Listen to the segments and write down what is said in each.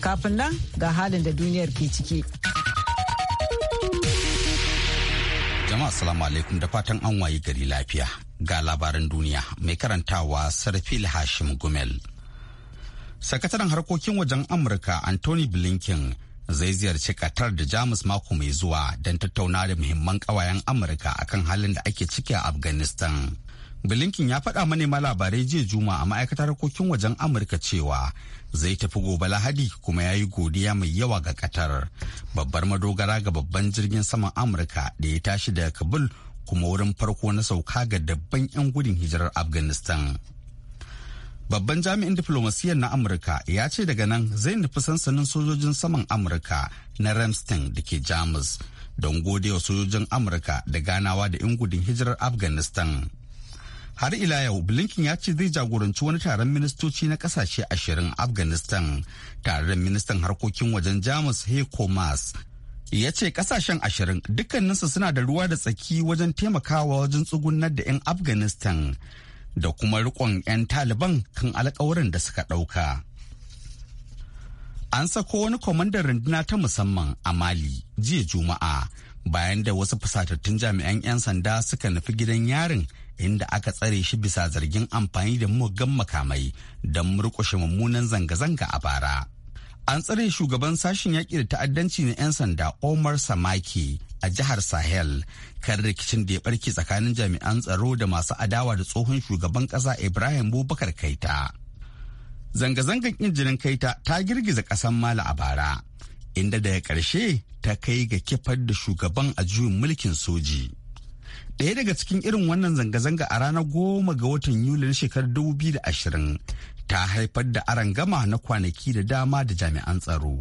Kafin nan ga halin da duniyar ke ciki. Jama'a salamu alaikum da fatan an wayi gari lafiya ga labaran duniya mai karantawa Sarfil Hashim Gumel. Sakataren harkokin wajen Amurka Anthony Blinken zai ziyarci katar da Jamus mako mai zuwa don tattauna da muhimman kawayen Amurka akan halin da ake ciki a Afghanistan. Blinken ya faɗa manema labarai jiya juma a ma'aikatar harkokin wajen Amurka cewa zai tafi gobe Lahadi kuma ya yi godiya mai yawa ga Qatar. Babbar madogara ga babban jirgin saman Amurka da ya tashi daga Kabul kuma wurin farko na sauka ga dabban 'yan gudun hijirar Afghanistan. Babban jami'in diflomasiyyar na Amurka ya ce daga nan zai nufi sansanin sojojin saman Amurka na Ramstein da ke Jamus don gode sojojin Amurka da ganawa da 'yan gudun hijirar Afghanistan. har ila yau blinken ya ce zai jagoranci wani taron ministoci na kasashe ashirin afghanistan taron ministan harkokin wajen jamus heiko mas ya ce kasashen ashirin dukkaninsu suna da ruwa da tsaki wajen taimakawa wajen tsugunar da 'yan afghanistan da kuma rikon 'yan taliban kan alkawarin da suka ɗauka an sako wani kwamandan runduna ta musamman a mali jiya juma'a bayan da wasu fusatattun jami'an 'yan sanda suka nufi gidan yarin inda aka tsare shi bisa zargin amfani da muggan makamai don murƙushe mummunan zanga-zanga a bara. An tsare shugaban sashen yaƙi da ta'addanci na 'yan sanda Omar Samaki a jihar Sahel kan rikicin da ya barke tsakanin jami'an tsaro da masu adawa da tsohon shugaban ƙasa Ibrahim Bubakar Kaita. Zanga-zangar injinin Kaita ta girgiza ƙasan Mali a bara, inda daga ƙarshe ta kai ga kifar da shugaban a juyin mulkin soji. daya daga cikin irin wannan zanga-zanga a ranar goma ga watan Yuli na shekarar 2020 ta haifar da arangama na kwanaki da dama da jami'an tsaro.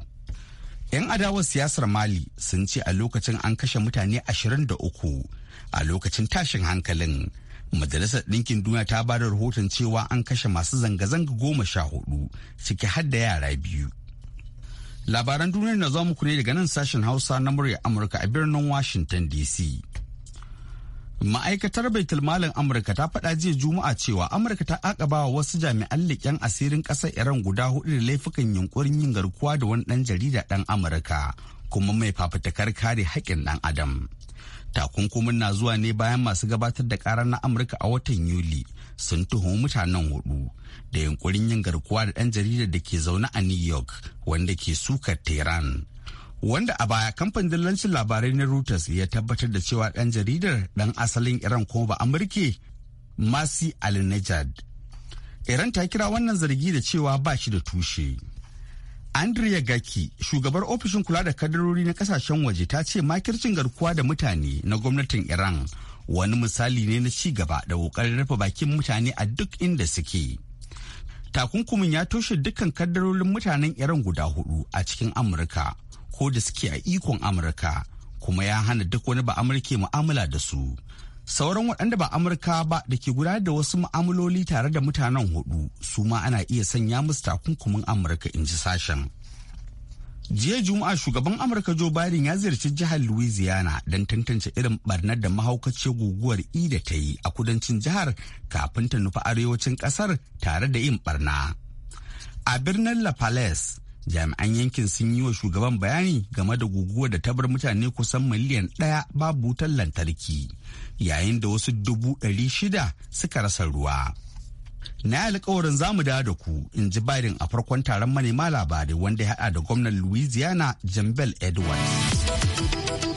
'Yan adawar siyasar Mali sun ce a lokacin an kashe mutane 23 a lokacin tashin hankalin. Majalisar Ɗinkin Duniya ta ba da rahoton cewa an kashe masu zanga-zanga goma sha hudu ciki har da yara biyu. Labaran duniya na zo muku ne daga nan sashen Hausa na murya Amurka a birnin Washington DC. Ma'aikatar Baitulmalin Amurka ta faɗa jiya Juma'a cewa Amurka ta akaba wa wasu jami'an leƙen asirin ƙasar Iran guda hudu da laifukan yunkurin yin garkuwa da wani ɗan jarida ɗan Amurka kuma mai fafutukar kare haƙƙin ɗan Adam. Takunkumin na zuwa ne bayan masu gabatar da ƙara na Amurka a watan Yuli sun tuhumi mutanen hudu da yunkurin yin garkuwa da ɗan jarida da ke zaune a New York wanda ke sukar Tehran. wanda a baya kamfanin dillancin labarai na Reuters ya tabbatar da cewa ɗan jaridar ɗan asalin Iran kuma ba Amurke Masi Al-Najad. Iran ta kira wannan zargi da cewa ba shi da tushe. Andrea Gaki, shugabar ofishin kula da kadarori na kasashen waje ta ce makircin garkuwa da mutane na gwamnatin Iran wani misali ne na ci gaba da kokarin rufe bakin mutane a duk inda suke. Takunkumin ya toshe dukkan kadarorin mutanen Iran guda hudu a cikin Amurka Ko da suke a ikon amurka kuma ya hana duk wani ba amurke mu'amala da su sauran waɗanda ba amurka ba da ke gudanar da wasu mu'amaloli tare da mutanen hudu su ma ana iya sanya musu takunkumin amurka in ji sashen jiya juma'a shugaban amurka joe biden ya ziyarci jihar louisiana don tantance irin barnar da mahaukaciyar guguwar ida e ta yi a kudancin jihar kafin ta nufi arewacin kasar tare da yin barna a birnin la palace jami'an yankin sun yi wa shugaban bayani game da guguwar da ta mutane kusan miliyan ɗaya babu wutar lantarki yayin da wasu dubu ɗari shida suka rasa ruwa na alkawarin za mu da ku in ji biden a farkon taron manema labarai wanda ya haɗa da gwamnan louisiana jambel edwards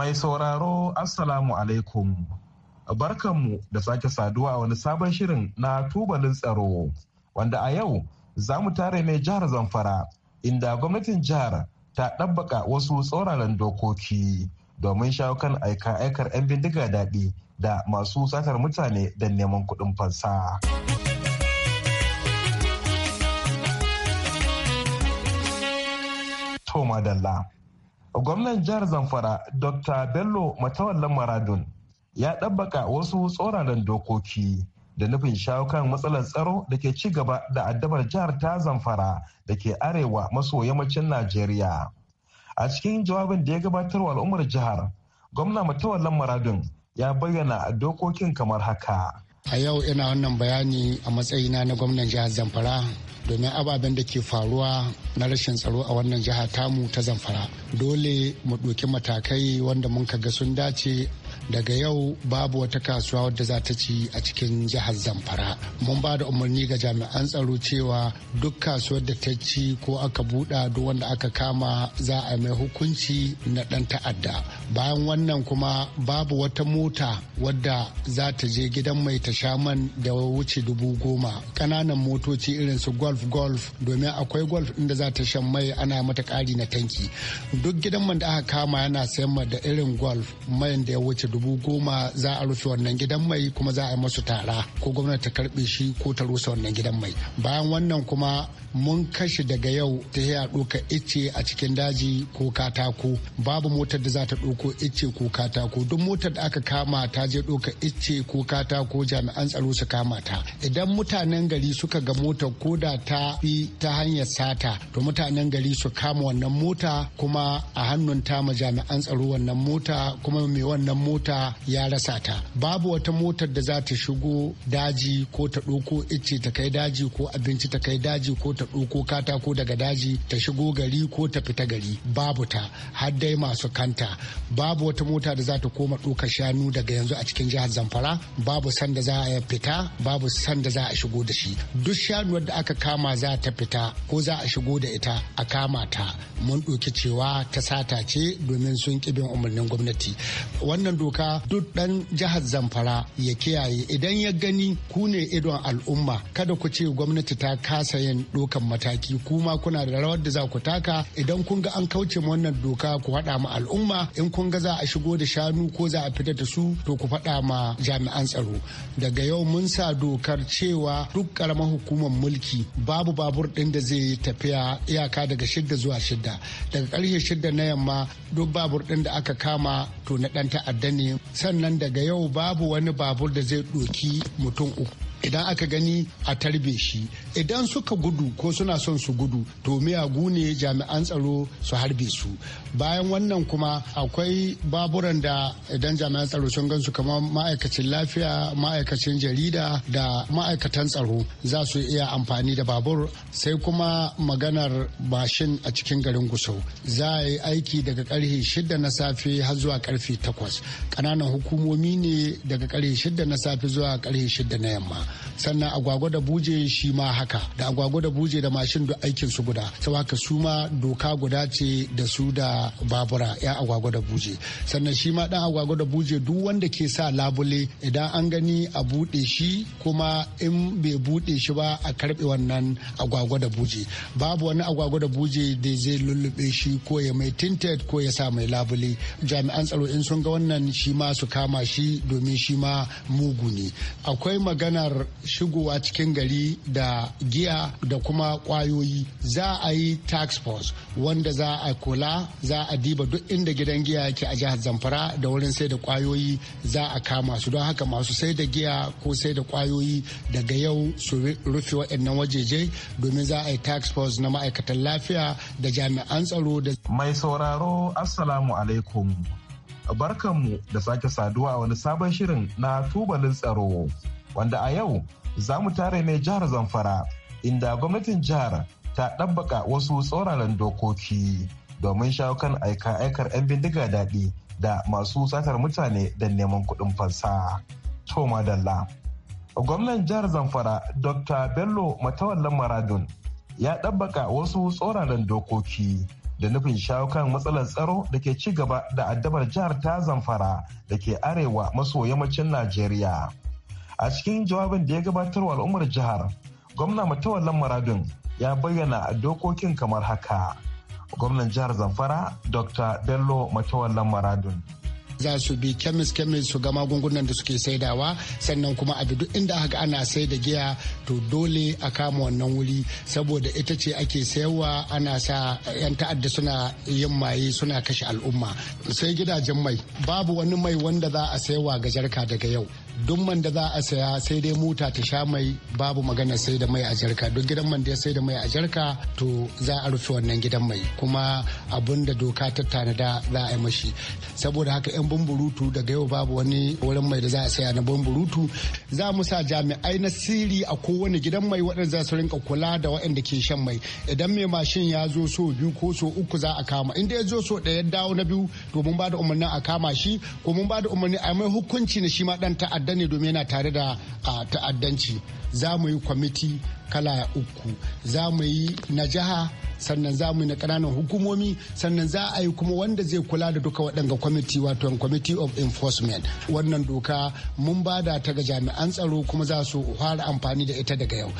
Mai sauraro Assalamu alaikum. Barkanmu da sake saduwa a wani sabon shirin na tubalin tsaro wanda a yau za mu tare mai jihar Zamfara inda gwamnatin jihar ta ɗabbaka wasu tsauraran dokoki domin shawo kan aika-aikar 'yan bindiga daɗi da masu satar mutane da neman kuɗin fansa. to madalla gwamnan jihar zamfara dr bello matawallan maradun ya ɗabbaka wasu tsoraran dokoki da nufin shawo kan matsalar tsaro da ke ci gaba da addabar jihar ta zamfara da ke arewa maso yammacin najeriya a cikin jawabin da ya gabatar wa al'ummar jihar gwamna matawallan maradun ya bayyana dokokin kamar haka a yau ina wannan bayani a matsayina na gwamnan jihar zamfara domin ababen da ke faruwa na rashin tsaro a wannan jiha tamu ta zamfara dole mu ɗauki matakai wanda mun ka ga sun dace daga yau babu wata kasuwa wadda za ta ci a cikin jihar zamfara mun ba da umarni ga jami'an tsaro cewa duk kasuwar da ta ci ko aka buɗa duk wanda aka kama za a mai hukunci na ɗan ta'adda bayan wannan kuma babu wata mota wadda za ta je gidan mai ta sha man da wuce dubu goma ƙananan motoci irin su golf golf domin akwai golf inda za ta shan mai ana mata ƙari na tanki duk gidan man da aka kama yana sayan da irin golf mayan da ya wuce dubu dubu goma za a rufe wannan gidan mai kuma za a yi masu tara ko gwamnati ta karbe shi ko ta rusa wannan gidan mai bayan wannan kuma mun kashe daga yau ta a doka ice a cikin daji ko katako babu motar da za ta doko ice ko katako duk motar da aka kama ta je doka ice ko katako jami'an tsaro su kama ta idan mutanen gari suka ga mota ko da ta fi ta hanyar sata to mutanen gari su kama wannan mota kuma a hannun ta ma jami'an tsaro wannan mota kuma mai wannan mota mota ya rasa ta babu wata motar da za ta shigo daji ko ta ɗauko icce ta kai daji ko abinci ta kai daji ko ta ɗauko katako daga daji ta shigo gari ko ta fita gari babu ta har dai masu kanta babu wata mota da za ta koma ɗauka shanu daga yanzu a cikin jihar zamfara babu sanda za a fita babu sanda za a shigo da shi duk shanuwar da aka kama za ta fita ko za a shigo da ita a kama ta mun ɗauki cewa ta sata ce domin sun ƙi bin umarnin gwamnati wannan doka duk ɗan jihar Zamfara ya kiyaye idan ya gani ku ne idon al'umma kada ku ce gwamnati ta kasa yin dokan mataki kuma kuna da rawar da za ku taka idan kun ga an kauce wannan doka ku faɗa ma al'umma in kun ga za a shigo da shanu ko za a fitar da su to ku faɗa ma jami'an tsaro daga yau mun sa dokar cewa duk karamar hukumar mulki babu babur ɗin da zai tafiya iyaka daga shidda zuwa shidda daga karshe shidda na yamma duk babur ɗin da aka kama to na ɗan ta'adda ne sannan daga yau babu wani babur da zai ɗoki mutum uku idan aka gani a tarbe shi idan suka gudu ko suna son su gudu to miyagu gune jami'an tsaro su harbe su bayan wannan kuma akwai baburan da idan jami'an tsaro sun gansu kamar ma'aikacin lafiya ma'aikacin jarida da ma'aikatan tsaro za su iya amfani da babur sai kuma maganar mashin a cikin garin gusau za a yi aiki daga karfe shida na safe har zuwa karfe takwas ƙananan hukumomi ne daga karfe shida na safe zuwa karfe shida na yamma sannan agwagwa da buje shi ma haka da agwagwa da buje da mashin duk aikin su guda sau haka su ma doka guda ce da su da babura ya agwagwa da buje sannan shi ma dan agwagwa da buje duk wanda ke sa labule idan an gani a bude shi kuma in bai bude shi ba a karbe wannan agwagwa da buje babu wani agwagwa da buje da zai lullube shi ko ya mai tinted ko ya sa mai labule jami'an tsaro in sun ga wannan shi ma su kama shi domin shi ma mugu ne akwai maganar shigowa cikin gari da giya da kuma kwayoyi za a yi tax force wanda za a kula za a diba duk inda gidan giya yake a jihar zamfara da wurin sai da kwayoyi za a kama su don haka masu sai da giya ko sai da kwayoyi daga yau su rufe waɗannan wajeje domin za a yi tax force na ma'aikatan lafiya da jami'an tsaro da mai sauraro assalamu alaikum barkanmu da sake saduwa a wani sabon shirin na tubalin tsaro wanda a yau za mu tare mai jihar zamfara inda gwamnatin jihar ta ɗabbaka wasu tsauraran dokoki domin shawo kan aika-aikar 'yan bindiga daɗi da masu satar mutane da neman kuɗin fansa. Toma Dalla. Gwamnan jihar Zamfara Dr. Bello Matawallan Maradun ya ɗabbaka wasu tsoranan dokoki da nufin shawo kan matsalar tsaro da ke ci gaba da addabar jihar ta Zamfara da ke arewa maso yammacin Najeriya. a cikin jawabin da ya gabatar wa al'ummar jihar gwamna matawallan maradin ya bayyana dokokin kamar haka gwamnan jihar zamfara dr bello matawallan maradun za su bi kemis kemis su ga magungunan da suke saidawa sannan kuma a duk inda aka ana sai da giya to dole a kama wannan wuri saboda ita ce ake sayarwa ana sa yan ta'adda suna yin maye suna kashe al'umma sai gidajen mai babu wani mai wanda za a sayarwa ga jarka daga yau duk man da za a saya sai dai mota ta sha mai babu magana sai da mai a jarka duk gidan man da ya sai da mai a jarka to za a rufe wannan gidan mai kuma abin da doka ta tanada za a yi mashi saboda haka yan bumburutu daga yau babu wani wurin mai da za a saya na bumburutu za mu sa jami'ai na siri a kowane gidan mai waɗanda za su rinka kula da waɗanda ke shan mai idan mai mashin ya zo so biyu ko so uku za a kama inda ya zo so ya dawo na biyu to mun ba da umarnin a kama shi ko mun ba da umarni a mai hukunci na shi ma ɗan ta'adda ne domin yana tare da ah, ta'addanci za mu yi kwamiti kala uku za mu yi na jiha sannan za mu yi na ƙananan hukumomi sannan za a yi kuma wanda zai kula da duka waɗanga kwamiti wato committee of enforcement wannan doka mun bada ta ga jami'an tsaro kuma za su fara amfani da ita daga yau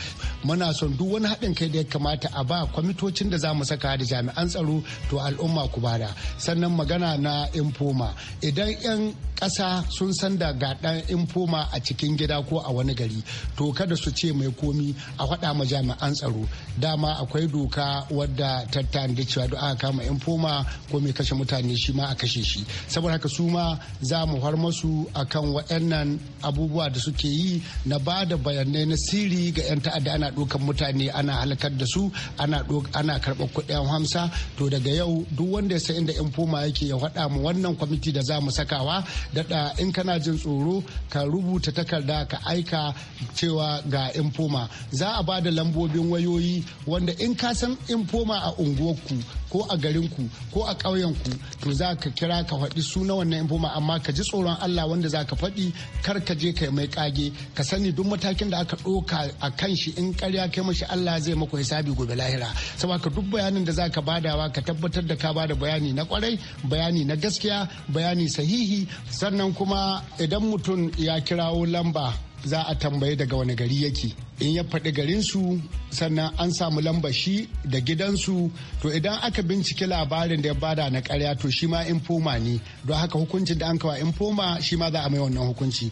muna son duk wani haɗin kai da ya kamata a ba kwamitocin da za mu saka da jami'an tsaro to al'umma ku bada sannan magana na infoma idan 'yan ƙasa sun san da ga ɗan infoma a cikin gida ko a wani gari to kada su ce mai komi a faɗa ma jami'an tsaro dama akwai doka wadda ta da cewa duk aka kama yan foma ko mai kashe mutane shi ma a kashe shi saboda haka su ma za mu har masu akan waɗannan abubuwa da suke yi na ba da bayanai na sirri ga 'yan ta'adda ana dokan mutane ana halakar da su ana karɓar kuɗin hamsa to daga yau duk wanda ya san inda 'yan foma yake ya faɗa mu wannan kwamiti da za mu sakawa da in kana jin tsoro ka rubuta takarda ka aika cewa ga infoma za a ba da lambobin wayoyi wanda in ka san infoma a unguwarku ko a garinku ko a ƙauyenku to za ka kira ka faɗi suna wannan infoma amma ka ji tsoron Allah wanda za ka faɗi kar ka je ka mai kage ka sani duk matakin da aka ɗoka a kan shi in ƙarya kai mashi Allah zai maku hisabi gobe lahira saboda duk bayanin da za ka badawa ka tabbatar da ka ba da bayani na kwarai bayani na gaskiya bayani sahihi sannan kuma idan mutum ya kirawo lamba za a tambaye daga wani gari yake in ya faɗi garinsu sannan an samu lambar shi da gidansu to idan aka bincike labarin da ya bada na karya to shima ma infoma ne don haka hukuncin da an kawa infoma shi ma za a mai wannan hukunci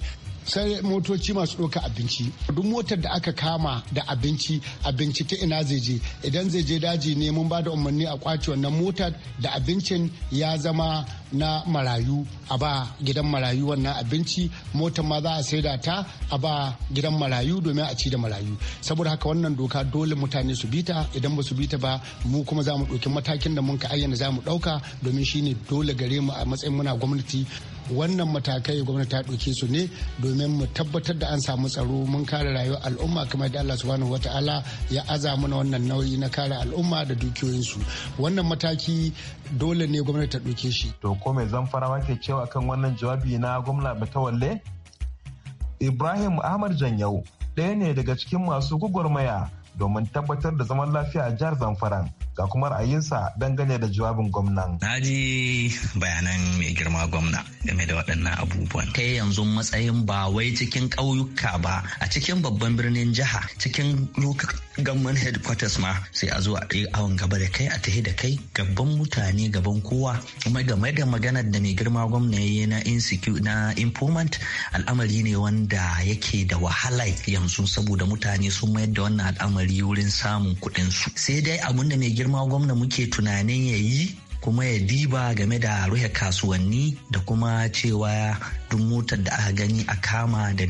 sai motoci masu ɗauka abinci duk motar da aka kama da abinci abinci ta ina zai je idan zai je daji ne mun ba da umarni a kwace wannan motar da abincin ya zama na marayu a ba gidan marayu wannan abinci motar ma za a saida ta a ba gidan marayu domin a ci da marayu saboda haka wannan doka dole mutane su bita idan ba su bita ba mu kuma za mu ɗauki matakin da mun ka ayyana za mu ɗauka domin shine dole gare mu a matsayin muna gwamnati wannan matakai gwamnati ta ɗauke su ne domin mu tabbatar da an samu tsaro mun kare rayuwar al'umma kamar da Allah subhanahu wata'ala ya aza mana wannan nauyi na kare al'umma da dukiyoyinsu wannan mataki dole ne gwamnati ta ɗauke shi. To ko mai zamfarawa wake cewa kan wannan jawabi na gwamna Batawalle? Ibrahim Ahmad Janyau ɗaya ne daga cikin masu gugurmaya domin tabbatar da zaman lafiya a jihar zamfara. ga kuma ra'ayinsa dangane da jawabin gwamnan. Na ji bayanan mai girma gwamna game da waɗannan abubuwan. Kai yanzu matsayin ba wai cikin ƙauyuka ba a cikin babban birnin jiha cikin gamman headquarters ma sai a zo a ɗaya awon gaba da kai a tahi da kai gaban mutane gaban kowa kuma game da maganar da mai girma gwamna ya na insecure na improvement al'amari ne wanda yake da wahala yanzu saboda mutane sun mayar da wannan al'amari wurin samun kuɗinsu sai dai abin da mai girma girma gwamna muke tunanin ya yi kuma ya diba game da ruhe kasuwanni da kuma cewa duk motar da aka gani a kama da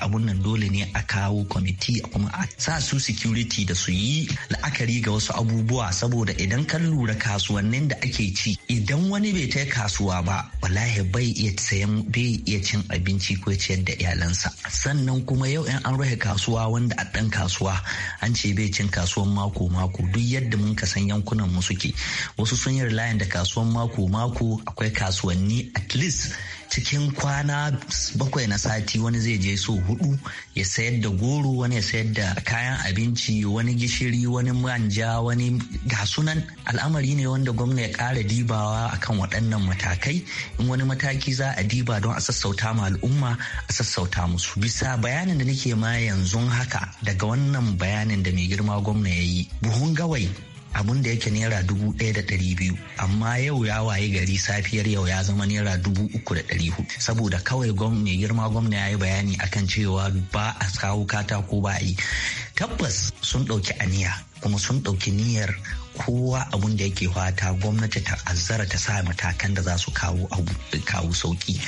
abun nan dole ne a kawo kwamiti kuma a sa su security da su yi la'akari ga wasu abubuwa saboda idan kan lura kasuwannin da ake ci idan wani bai tai kasuwa ba wallahi bai iya sayan bai iya cin abinci ko ciyar da iyalansa sannan kuma yau in an ruhe kasuwa wanda a dan kasuwa an ce bai cin kasuwan mako mako duk yadda mun ka san yankunan mu suke wasu sun yi bayan da kasuwan mako-mako akwai kasuwanni at least cikin kwana bakwai na sati wani zai je so hudu ya sayar da goro wani ya sayar da kayan abinci wani gishiri wani manja wani gasunan al'amari ne wanda gwamna ya kara dibawa akan waɗannan matakai in wani mataki za a diba don a sassauta ma al'umma a sassauta musu bisa bayanin da nake ma yanzu haka daga wannan bayanin da mai girma gwamna ya yi buhun gawai abun da yake naira dubu ɗaya da ɗari biyu amma yau ya waye gari safiyar yau ya zama naira dubu uku da ɗari hudu saboda kawai mai girma gwamna ya yi bayani akan cewa ba a kawo katako ba a yi tabbas sun ɗauki aniya kuma sun ɗauki niyyar kowa abun da yake fata gwamnati ta azzara ta sa matakan da za su kawo kawo sauki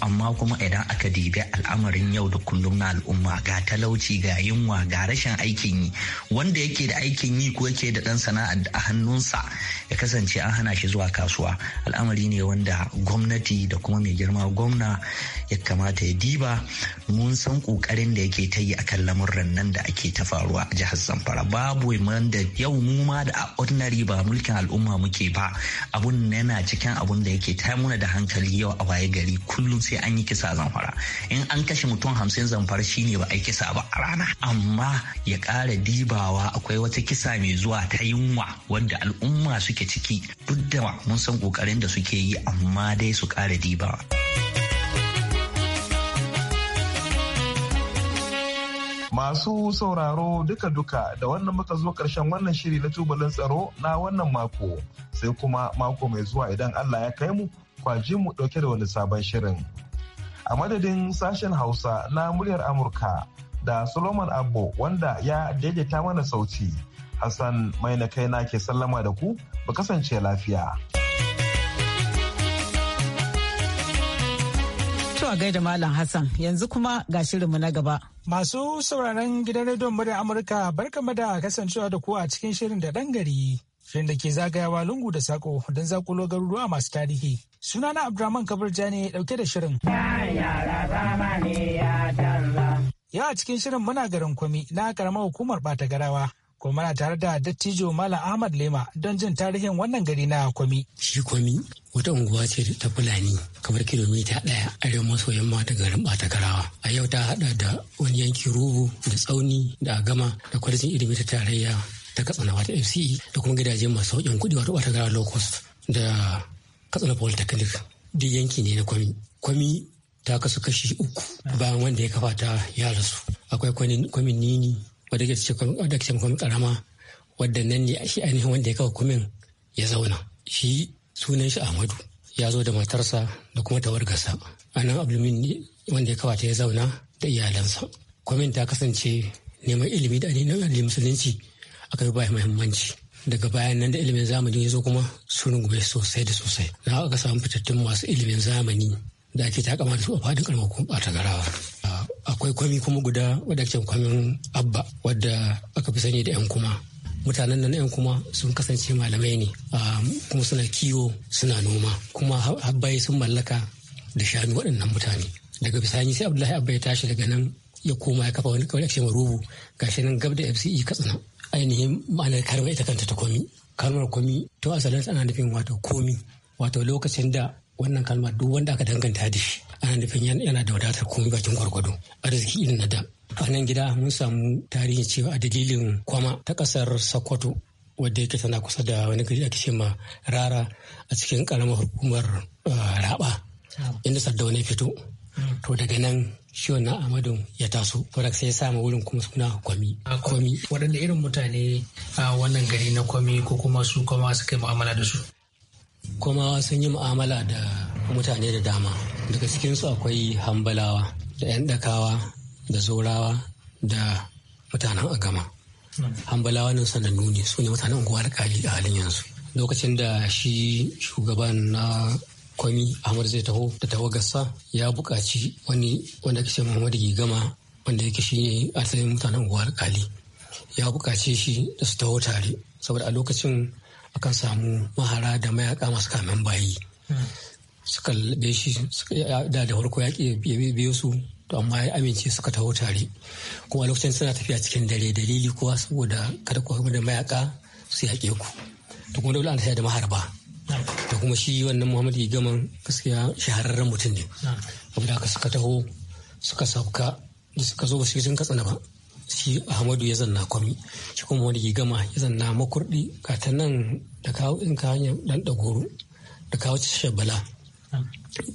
amma kuma idan aka dibi al'amarin yau da kullum na al'umma ga talauci ga yunwa ga rashin aikin yi wanda yake da aikin yi ko yake da dan sana'a a hannunsa ya kasance an hana shi zuwa kasuwa al'amari ne wanda gwamnati da kuma mai girma gwamna ya kamata ya diba mun san kokarin da yake ta yi a kan lamurran nan da ake ta faruwa a jihar zamfara babu man da yau mu ma da ordinary ba mulkin al'umma muke ba abun yana cikin abun da yake ta muna da hankali yau a waye gari kullum sai an yi kisa zamfara in an kashe mutum hamsin zamfara shine ba a yi kisa ba a rana amma ya ƙara dibawa akwai wata kisa mai zuwa ta yunwa wanda al'umma suke ciki duk da mun san ƙoƙarin da suke yi amma dai su ƙara dibawa. Masu sauraro duka-duka da wannan muka zo karshen wannan shiri na tubalin tsaro na wannan mako sai kuma mako mai zuwa idan Allah ya kai mu kwaji mu dauke da wani sabon shirin. A madadin sashen Hausa na muryar Amurka da Solomon Abbo wanda ya daidaita mana sauti. Hassan mai na kai na ke sallama da ku, ba kasance lafiya. a gaida Malam Hassan yanzu kuma ga shirinmu na gaba. Masu sauraron gidan rediyon murya Amurka kama da kasancewa da ku a cikin shirin da ɗan gari. Shirin da ke zagayawa lungu da sako don zakulo garuruwa masu tarihi. Sunana Abdurrahman Kabir Jani ɗauke da shirin. Ya a cikin shirin muna garin kwami na karamar hukumar ɓata garawa ko na tare da dattijo Malam Ahmad Lema don jin tarihin wannan gari na Kwami. Shi Kwami wata unguwa ce ta Fulani kamar kilomita ɗaya arewa maso yamma ta garin garawa. A yau ta haɗa da wani yanki rubu da tsauni da agama da kwalejin ilimi ta tarayya ta katsina wata FCE da kuma gidaje masu sauƙin kuɗi wato Batagarawa low cost da katsina polytechnic duk yanki ne na Kwami. Kwami ta kasu kashi uku bayan wanda ya kafa ta ya rasu. Akwai kwamin nini wadda ke cikin kwan karama wadda nan ne shi ainihin wanda ya kawo kumin ya zauna shi sunan shi ahmadu ya zo da matarsa da kuma tawargarsa a nan abulmin wanda ya kawata ya zauna da iyalansa kwamin ta kasance neman ilimi da ainihin addinin musulunci aka yi mahimmanci. muhimmanci daga bayan nan da ilimin zamani ya zo kuma sun rungume sosai da sosai na aka samu fitattun masu ilimin zamani da ake takama da su a faɗin ƙarƙashin ɓata garawa akwai kwami kuma guda wadda ake kwamin abba wadda aka fi sani da yan kuma mutanen nan yan kuma sun kasance malamai ne kuma suna kiwo suna noma kuma habbaye sun mallaka da shanu waɗannan mutane daga bisani sai abdullahi abba ya tashi daga nan ya koma ya kafa wani kawai ake marubu gashi nan gab da fce katsina ainihin ma'anar karma ita kanta ta kwami. kalmar kwami to asalin ana nufin wato komi wato lokacin da wannan kalmar duk wanda aka danganta da shi ana nufin yana da wadatar komai bakin gwargwado arziki irin na da a nan gida mun samu tarihin cewa a dalilin kwama ta kasar sokoto wadda yake tana kusa da wani gari ake ce ma rara a cikin karamar hukumar uh, raba inda sardauna wani fito mm. to daga nan shi wannan amadu ya taso farak sai ya samu wurin kuma suna kwami kwami waɗanda irin mutane a wannan gari na kwami ko kuma su kwama suka yi mu'amala da su kuma sun yi mu'amala da mutane da dama daga cikinsu akwai hambalawa da 'yan dakawa da zorawa da mutanen gama hambalawa nan sanannu ne su ne mutanen unguwa alkali a halin yanzu lokacin da shi shugaban na kwami ahmad zai taho da tawagarsa ya buƙaci wani wanda ake muhammadu gigama wanda yake shi ne asalin mutanen unguwa alkali ya buƙace shi da su taho tare saboda a lokacin akan samu mahara da mayaka masu kamen bayi suka lalbe shi da da farko yaƙi ya biyo su to amma ya amince suka taho tare kuma lokacin suna tafiya cikin dare dalili kuwa saboda kada ku da mayaka su yaƙe ku to kuma dole an tafiya da maharba to kuma shi wannan muhammadu gaman gaskiya shahararren mutum ne abu da suka taho suka sauka da suka zo ba su yi sun katsina ba shi ahmadu ya zanna kwami shi kuma wani gama ya zanna makurdi kata nan da kawo in ka hanyar dan dagoro da kawo shabala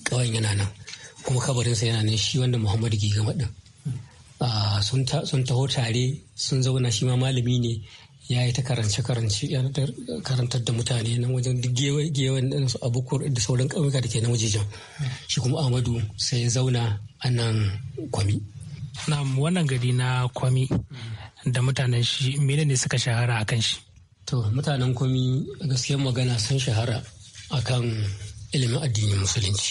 kawai yana nan kuma kabarinsa yana nan shi wanda muhammadu gigama din sun taho tare sun zauna shi ma malami ne ya yi ta karance-karance karantar da mutane nan wajen gewen su abokuwar da sauran kauyuka da ke na wajejen shi kuma Ahmadu sai ya zauna a nan kwami na wannan gari na kwami da mutanen shi mene ne suka shahara kan shi to mutanen kwami gaskiyar magana sun shahara akan ilimin addinin musulunci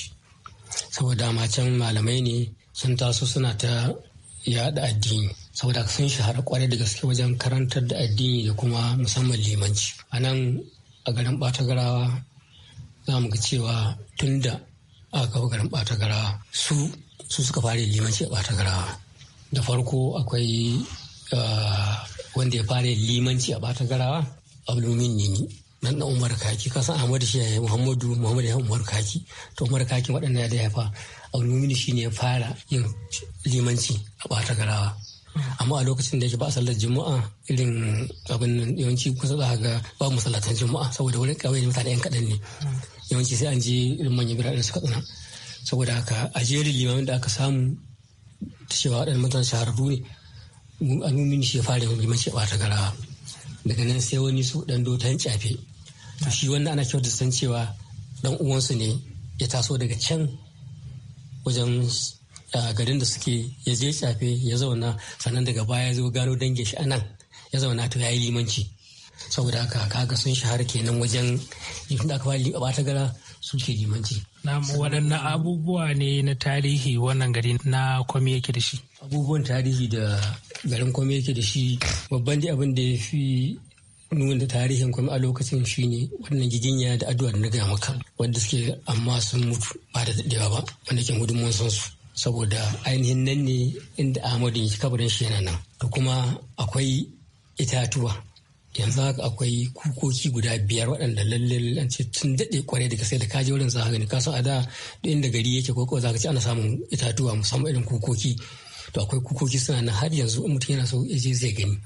saboda macen malamai ne sun taso suna ta yada addini saboda sun shahara kwarai da gaske wajen karantar da addini da kuma musamman limanci a nan a garin batagarawa za mu ga cewa tunda da aka garin batagarawa su su suka fara limanci a batagarawa da farko akwai ah, wanda ya fara yin limanci a bata garawa abdulmin nini nan da umar kaki kasan ahmadu shi ya muhammadu muhammadu ya umar kaki to umar kaki waɗanda da ya fa abdulmin shi ne ya fara yin limanci a bata garawa amma a lokacin da yake ba sallar juma'a irin abin yawanci kusa za ga ba masallatan juma'a saboda wurin kawai mutane yan kaɗan ne yawanci sai an je irin manyan biranen suka tsana saboda haka a jerin limamin da aka samu ta cewa waɗannan mutane shahararru ne alumini shi ya fara yi mace ɓata garawa daga nan sai wani su ɗan ya cafe to shi wannan ana kyautar san cewa ɗan uwansu ne ya taso daga can wajen garin da suke ya je cafe ya zauna sannan daga baya ya zo gano dangin shi anan ya zauna to ya yi limanci saboda haka kaga sun shahara kenan wajen yankin da aka fara ɓata gara suke limanci. Na waɗannan abubuwa ne na tarihi wannan gari na kwami yake da shi. Abubuwan tarihi da garin kwami yake da shi babban dai abin da ya fi nuna da tarihin kwami a lokacin shi ne wannan giginya da addu'a da na gaya maka wanda suke amma sun mutu ba da daɗewa ba wanda ke gudun mun san su. Saboda ainihin nan ne inda Ahmadu ya kabarin shi yana nan. to kuma akwai itatuwa yanzu haka akwai kukoki guda biyar waɗanda lalle an ce tun daɗe kwarai daga sai da kaje wurin za gani kasan a da da gari yake ko za ka ce ana samun itatuwa musamman irin kukoki to akwai kukoki suna na har yanzu in mutum yana so ya je zai gani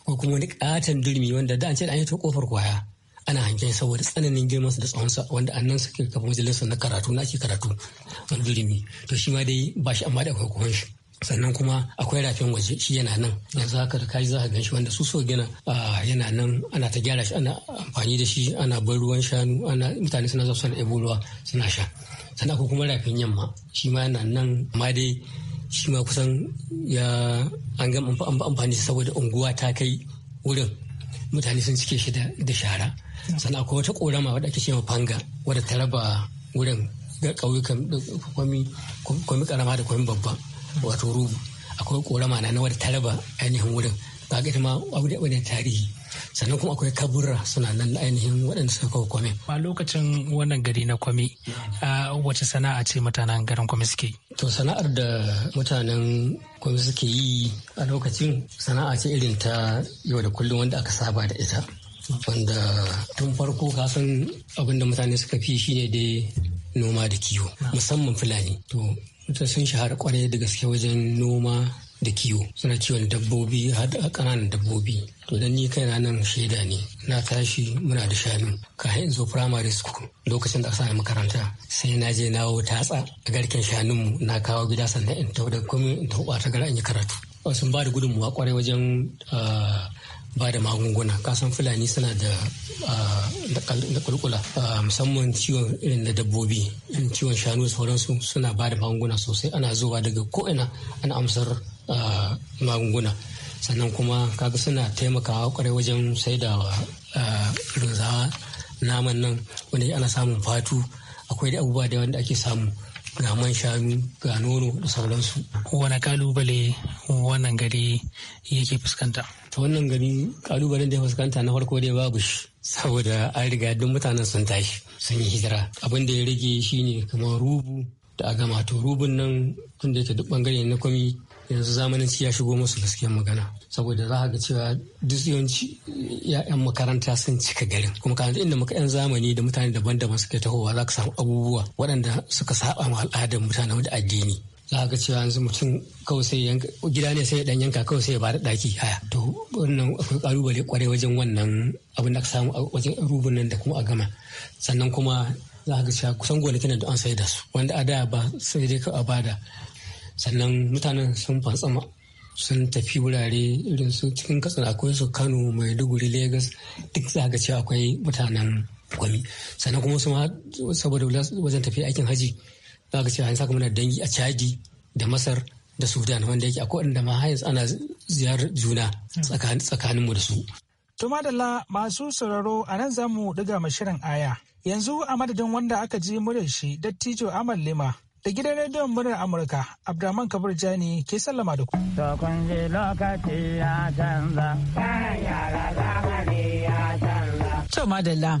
akwai kuma wani katon durmi wanda da an ce da an yi ta kofar kwaya ana hangen saboda tsananin girman su da tsawon sa wanda annan suke kafa majalisar na karatu na ake karatu wani durmi to shi ma dai ba shi amma da akwai kuwan shi sannan kuma akwai rafin waje shi yana nan yanzu haka da kaji za ka ganshi wanda su so gina yana nan ana ta gyara shi ana amfani da shi ana bar ruwan shanu ana mutane suna zuwa suna ebo ruwa suna sha sannan akwai kuma rafin yamma shi ma yana nan amma dai shi ma kusan ya an ga amfani saboda unguwa ta kai wurin mutane sun cike shi da shara sannan akwai wata korama wadda ake cewa fanga wadda ta raba wurin ga ƙauyukan kwami karama da kwami babba wato rubu akwai korama na wadda ta ainihin wurin ba ga ma abu da wani tarihi sannan kuma akwai kaburra suna nan ainihin waɗanda suka kawo kwame. a lokacin wannan gari na kwame wace sana'a ce mutanen garin kwame suke yi to sana'ar da mutanen kwame suke yi a lokacin sana'a ce irin ta yau da kullum wanda aka saba da ita wanda tun farko kasan abin da mutane suka fi shine dai noma da kiwo musamman fulani to ta sun shahara kwarai da gaske wajen noma da kiwo suna kiwon dabbobi har da ƙananan dabbobi to dan ni kai nan shaida ne na tashi muna da shanu Ka in zo primary school lokacin da aka makaranta sai na je na tatsa a garken shanun mu na kawo gida sannan in tawo da kuma in tawo ta gara in yi karatu sun ba da gudunmuwa kwarai wajen ah, ba da magunguna kasan fulani suna da ah, da kulkula ah, musamman ciwon irin da dabbobi ciwon shanu da sauransu suna ba da magunguna sosai ana zuwa daga ko'ina ana amsar ah, magunguna sannan kuma kaga suna taimakawa kwarai wajen saidawa rinzawa naman nan wani ana samun fatu akwai da abubuwa da wanda ake samu ga man shanu ga nono da sauransu wani kalubale wannan gari yake fuskanta ta wannan gari kalubalen da ya fuskanta na farko dai babu shi saboda an riga duk mutanen sun tashi sun yi hijira abin da ya rage shine kamar rubu da aga to rubun nan tun da yake duk bangare na kwami yanzu zamanin ya shigo musu gaskiyar magana saboda za ga cewa duk yawanci ya'yan makaranta sun cika garin kuma karanta inda muka yan zamani da mutane daban-daban suke tahowa za ka samu abubuwa waɗanda suka saba ma al'adar mutane da addini za ga cewa yanzu mutum kawai sai yanka gida ne sai dan yanka kawai sai ya bada daki haya to wannan akwai kalubale kwarai wajen wannan abin da samu a wajen rubun nan da kuma a gama sannan kuma za ga cewa kusan gonakin da an sai da su wanda a da ba sai dai a bada sannan mutanen sun fantsama sun tafi wurare irin su cikin katsina akwai su kano maiduguri lagos duk za ga cewa akwai mutanen gwami sannan kuma su ma saboda wajen tafi aikin haji za ka cewa an saka muna dangi a chadi da masar da sudan wanda yake akwai inda ma yanzu ana ziyarar juna tsakaninmu da su To madalla masu sauraro a nan za mu ɗiga shirin aya. Yanzu a madadin wanda aka ji muryar shi dattijo Amal Lima da gidan rediyon muryar Amurka abdulrahman Kabir Jani ke sallama da ku. To kun ji lokaci ya canza. yara zamani ya canza. To madalla